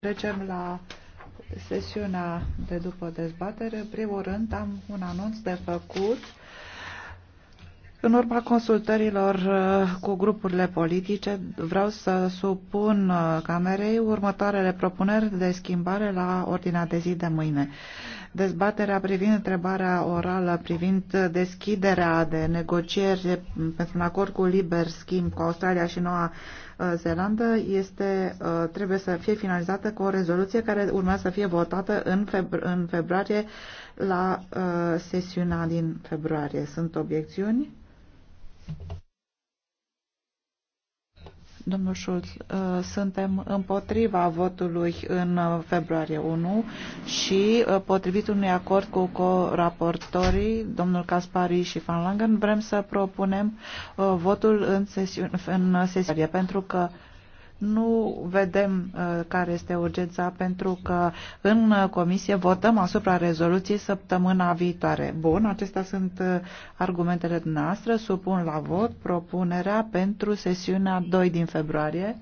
Trecem la sesiunea de după dezbatere. În primul rând am un anunț de făcut. În urma consultărilor uh, cu grupurile politice, vreau să supun uh, Camerei următoarele propuneri de schimbare la ordinea de zi de mâine. Dezbaterea privind întrebarea orală, privind deschiderea de negocieri pentru un acord cu liber schimb cu Australia și Noua uh, Zeelandă este, uh, trebuie să fie finalizată cu o rezoluție care urmează să fie votată în, febru- în februarie la uh, sesiunea din februarie. Sunt obiecțiuni? Domnul Schulz, uh, suntem împotriva votului în uh, februarie 1 și uh, potrivit unui acord cu co-raportorii, domnul Caspari și Van Langen, vrem să propunem votul în sesiune, în sesiune pentru că nu vedem uh, care este urgența pentru că în uh, comisie votăm asupra rezoluției săptămâna viitoare. Bun, acestea sunt uh, argumentele noastre. Supun la vot propunerea pentru sesiunea 2 din februarie.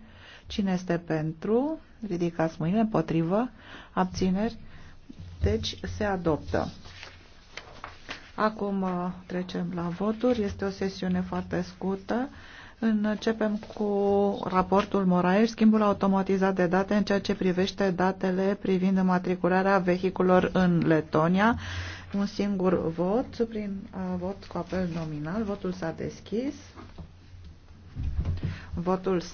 Cine este pentru? Ridicați mâinile împotrivă. Abțineri. Deci se adoptă. Acum trecem la voturi. Este o sesiune foarte scurtă. Începem cu raportul Moraes, schimbul automatizat de date în ceea ce privește datele privind matricularea vehiculor în Letonia. Un singur vot, prin vot cu apel nominal. Votul s-a deschis. Votul